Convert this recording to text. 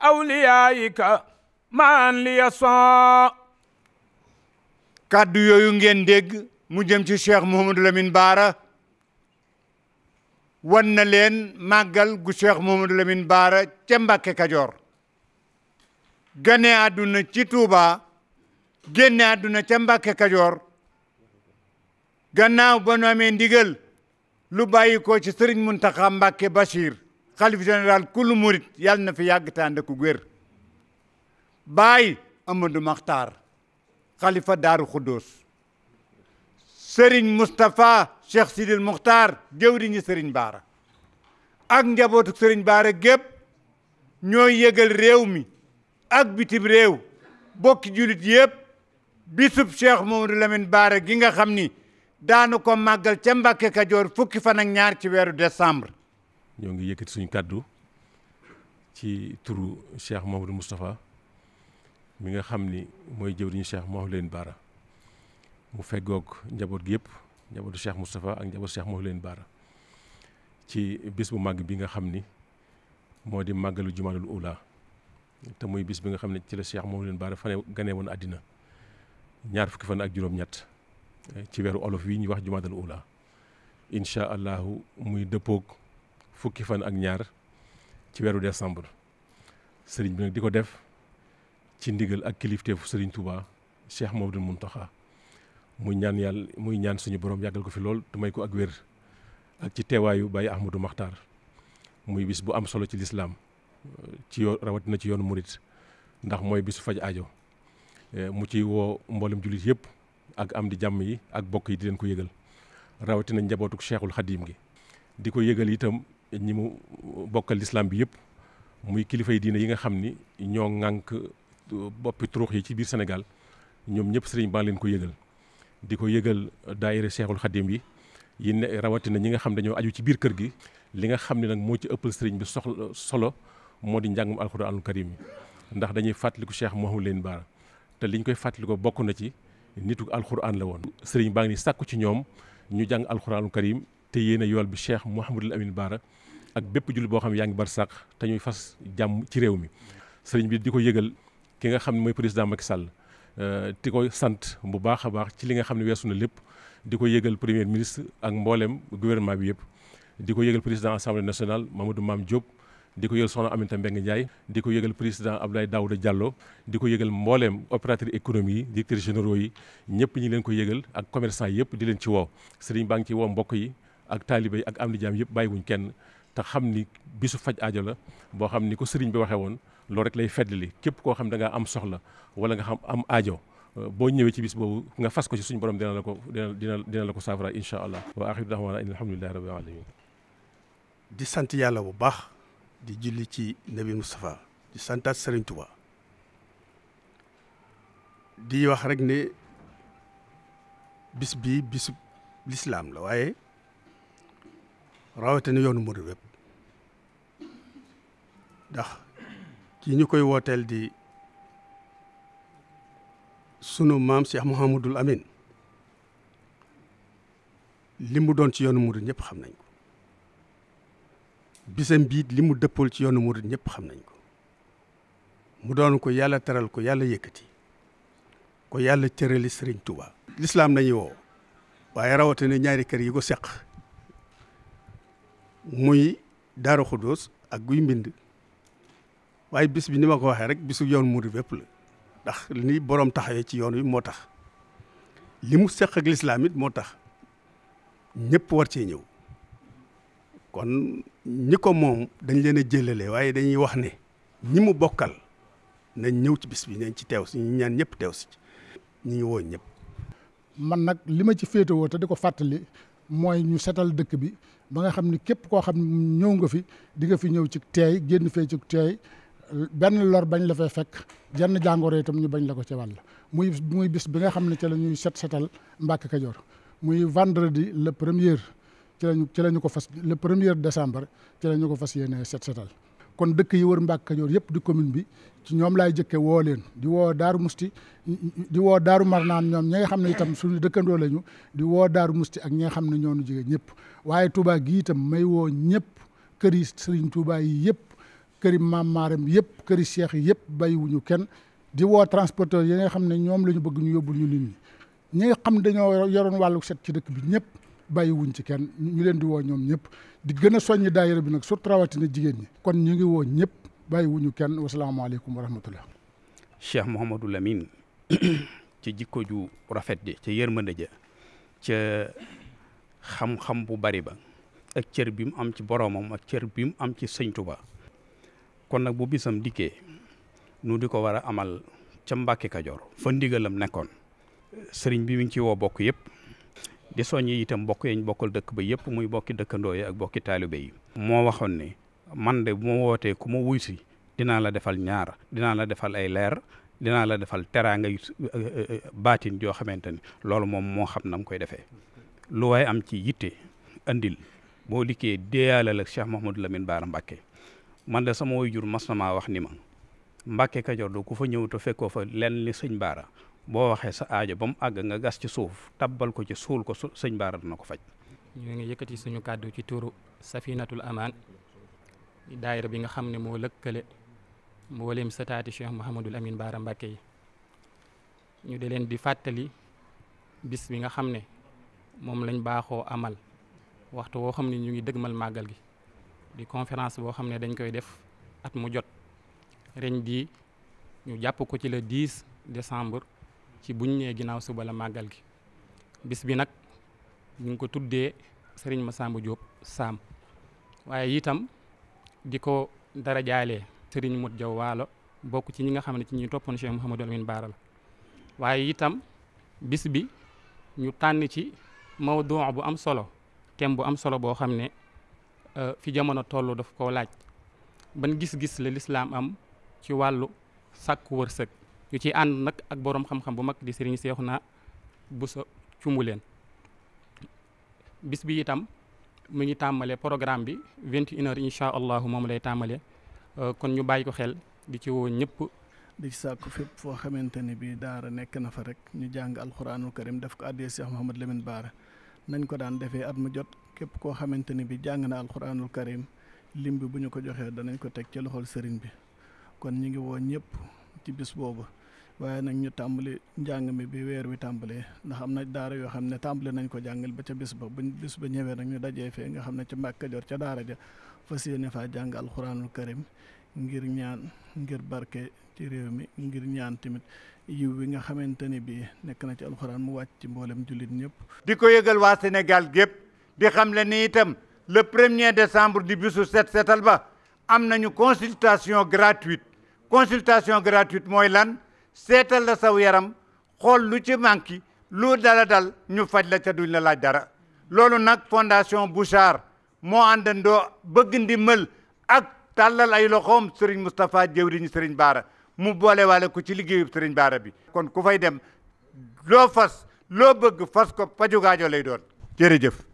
awliyaayika maan li yason kàddu yooyu ngeen dégg mu jëm ci cheikh Mouhamadou Lamine Baara wan leen màggal gu cheikh Mouhamadou Lamine Baara ca Mbàkke Kajoor gane àdduna ci Tuuba génne àdduna ca Mbàkke Kajoor gannaaw ba nu amee ndigal lu bàyyi ko ci sëriñ Muntaxa Mbàkke Bachir xalif général kullu murit yàlla na fi yàgg tànd ku wér baay Amadou Maxtaar xalifa Daaru Xuddoos sëriñ Moustapha Cheikh Sidil Muxtaar jëwriñu sëriñ Baara ak njabootu sëriñ Baara gépp ñooy yëgal réew mi ak bitim réew bokki julit yépp bisub Cheikh Mamadou Lamine Baara gi nga xam ni daanu ko màggal ca Mbàkke Kajoor fukki fan ñaar ci weeru décembre ñoo ngi yëkkati suñu kàddu ci turu Cheikh Mouhamadou Moustapha mi nga xam ni mooy jëwriñu Cheikh leen Bara mu feggoog njaboot gi yëpp njabootu Cheikh Moustapha ak njabootu Cheikh Mouhamadou Bara ci bis bu màgg bi nga xam ni moo di màggalu jumaadul ula te muy bis bi nga xam ne ci la Cheikh leen Bara fane ganee woon àddina ñaar fukki fan ak juróom-ñett eh, ci weeru olof wi ñuy wax jumaadul ula incha allahu muy dëppoog fukki fan ak ñaar ci weeru décembre sëriñ bi nag di ko def ci ndigal ak kilifteefu sëriñ Touba Cheikh Maodou taxa muy ñaan yàlla muy ñaan suñu borom yàggal ko fi lool te may ko ak wér ak ci teewaayu Baye Ahmadou Makhtar muy bis bu am solo ci lislaam ci yoon rawatina ci yoonu murit ndax mooy bisu faj aajo e, mu ci woo mboolem jullit yëpp ak am di jàmm yi ak bokk yi di leen ko yëgal rawatina njabootuk cheikhul xadim gi di ko yëgal itam ñi mu bokkal lislaam bi yëpp muy kilifa kilifay diine yi nga xam ni ñoo ŋànk euh, boppi turuux yi ci biir Sénégal ñoom ñëpp sëriñ baa leen ko yëgal di ko yëgal daayira Seexul Xadim yi yi ne rawatina ñi nga xam dañoo aju ci biir kër gi li nga xam ne nag moo ci ëppal sëriñ bi soxla solo moo di njàngum alxuraanul karim yi ndax dañuy fàttaliku Cheikh Mouhamadou leen Bara te li liñ koy fàttaliko bokk na ci nitu alxuraan la woon sëriñ baa ngi ni sàkku ci ñoom ñu jàng alxuraanul karim te yéen a yool bi Cheikh Mouhamadul Amin Baara ak bépp jullit boo xam ne yaa ngi barsàq te ñuy fas jàmm ci réew mi sëriñ bi di ko yëgal ki nga xam ne mooy président Macky Sall euh, di koy sant bu baax a baax ci li nga xam ne weesu na lépp di ko yëgal premier ministre ak mboolem gouvernement bi yëpp di ko yëgal président assemblée nationale Mamadou Mame Diop di ko yëgal soxna Aminata Mbengue Ndiaye di ko yëgal président Abdoulaye Daouda Diallo di ko yëgal mbooleem opérateur économie yi directeurs généraux yi ñëpp ñi leen ko yëgal ak commerçant yëpp di leen ci woo sëriñ baa ngi ci woo mbokk yi ak taalibe yi ak am di jaam yëpp bàyyiwuñ kenn te xam ni bisu faj aajo la boo xam ni ko sëriñ bi waxee woon loolu rek lay feddali képp koo xam da ngaa am soxla wala nga xam am aajo euh, boo ñëwee ci bis boobu nga fas ko ci suñu borom dina la ko dina dina la ko saafara incha allah wa axiru da'waana in alhamdulillahi rabbil alamin di sant yàlla bu baax di julli ci nabi Moustapha di santaat Serigne Touba di wax rek ne bis bii bisu lislaam la waaye rawatina yoonu murid wépp dax kii ñu koy wooteel di sunu maam Cheikh Mouhamadul Amin li mu doon ci yoonu murid ñëpp xam nañ ko bisam biit li mu dëppool ci yoonu murid ñëpp xam nañ ko mu doon ko yàlla teral ko yàlla yëkkati ko yàlla cërali Sëriñ Tuubaa lislaam nañu woo waaye rawatina ñaari kër yi ko seq muy Daaru Xuddoos ak guy mbind waaye bis bi ni ma ko waxee rek bisu yoon murid bépp la ndax ni boroom taxawee ci yoon wi moo tax li mu seq ak lislaam moo tax ñëpp war cee ñëw kon ñi ko moom dañ leen a jëlale waaye dañuy wax ne ñi mu bokkal nañ ñëw ci bis bi nañ ci teew si ñu ñaan ñëpp teew si ñi ñu woo ñëpp. man nag li ma ci féetewoo te di ko fàttali mooy ñu setal dëkk bi ba nga xam ni képp koo xam ne ñëw nga fi di nga fi ñëw ci teey génn fee ci teey benn lor bañ la fay fekk jenn jàngoor jàngoro itam ñu bañ la ko ci wàll muy muy bis bi nga xam ne ci la ñuy set setal mbàkk Kajoor muy vendredi le premier ci lañu ci la ñu ko fas le premier décembre ci la ñu ko fas yéene set setal kon dëkk yi war mbaak Kajoor yëpp di commune bi ci ñoom laay jëkke woo leen di woo Daaru Musti di woo Daaru Marnaan ñoom ñi nga xam ne itam suñu dëkkandoo lañu di woo Daaru Musti ak ñi nga xam ne ñoo nu jege ñëpp waaye Touba gi itam may woo ñëpp kër yi Serigne Touba yi yëpp këri Maam Maaram yëpp këri Cheikh yi yëpp bàyyiwuñu kenn di woo transporteur yi nga xam ne ñoom la ñu bëgg ñu yóbbul ñu nit ñi ñi nga xam dañoo yoroon wàllu set ci dëkk bi ñëpp bàyyi wuñ ci kenn ñu leen di woo ñoom ñëpp di gën a soññi daayira bi nag surtout rawatina jigéen ñi kon ñu ngi woo ñëpp bàyyi wuñu kenn wasalaamaaleykum wa rahmatullah Cheikh Mouhamadou Lamine ci jikko ju rafet ji ca yërmande ja ca xam-xam bu bari ba ak cër bi mu am ci boroomam ak cër bi mu am ci sëñ Tuba kon nag bu bisam dikkee nu di ko war a amal ca Mbàkke Kajoor fa ndigalam nekkoon sëriñ bi mi ngi ci woo bokk yëpp di soññi itam mbokk yi ñu dëkk ba yëpp muy bokki dëkkandoo yi ak bokki taalibe yi moo waxoon ne man de bu ma wootee ku ma wuy si dinaa la defal ñaar dinaa la defal ay leer dinaa la defal teraanga eh, eh, eh, baatin joo xamante ni loolu moom moo xam nam koy defee lu waaye am ci yitte andil boo dikkee déeyaalal ak Cheikh Mouhamadou Lamine Bara Mbacke man de sama woy jur mas na maa wax ni ma Mbacke Kajoor du ku fa ñëw te fekkoo fa lenn li sëñ baara boo waxee sa aajo ba mu àgg nga gas ci suuf tabbal ko ci suul ko sëñ baara na ko faj ñu ngi yëkkati suñu kàddu ci turu safinatul amaan daayira bi nga xam ne moo lëkkale mbooleem sataati cheikh mouhamadul amin baara mbàkke yi ñu di leen di fàttali bis bi nga xam ne moom lañ baaxoo amal waxtu woo xam ne ñu ngi mal màggal gi di conférence boo xam ne dañ koy def at mu jot ren jii ñu jàpp ko ci le 10 décembre ci buñ nee ginnaaw suba la màggal gi bis bi nag ñu ngi ko tuddee sëriñ Massamba Diop Sam waaye itam di ko dara jaalee sëriñ mu Jaw Waalo bokk ci ñi nga xam ne ci ñuy toppoon Cheikh Mouhamadou Amine Baara waaye itam bis bi ñu tànn ci mawdu bu am solo thème bu am solo boo xam ne euh, fi jamono toll daf ko laaj ban gis-gis la lislaam am ci wàllu sàkku wërsëg ñu ci ànd nag ak boroom xam-xam bu mag di sëriñ Seexuna Buso leen bis bi itam mu ngi tàmbalee programme bi 21 heures incha allahu moom lay tàmbale euh, kon ñu bàyyi ko xel di ci woo ñëpp di ci sàkku fépp foo xamante ni bi daara nekk na fa rek ñu jàng alxuraanul karim daf ko addee Cheikh Mouhamad Lamine Baara nañ ko daan defee at mu jot képp koo xamante ni bi jàng na alxuraanul karim lim bi bu ñu ko joxee danañ ko teg ci loxol sëriñ bi kon ñu ngi woo ñëpp ci bis boobu waaye nag ñu tàmbali njàng mi bi weer wi tàmbalee ndax am na daara yoo xam ne tàmbali nañ ko jàngal ba ca bis ba buñ bis ba ñëwee nag ñu dajee fee nga xam ne ca Mbàkke Kajoor ca daara ja fas yéene faa jàng alxuraanul karim ngir ñaan ngir barke ci réew mi ngir ñaan tamit yiw wi nga xamante ni bii nekk na ci alxuraan mu wàcc ci mboolem jullit ñëpp. di ko yëgal waa Sénégal gépp di xam la ni itam le premier décembre di bisu set setal ba am nañu consultation gratuite consultation gratuite mooy lan seetal la saw yaram xool lu ci manqué lu dala dal ñu faj la ca duñ la laaj dara loolu nag fondation Bouchard moo àndandoo bëgg ndimbal ak tàllal ay loxoom Serigne Moustapha jëwriñ Serigne Baara mu boole waale ko ci liggéeyu Serigne Baara bi kon ku fay dem loo fas loo bëgg fas ko pajugaajo lay doon jërëjëf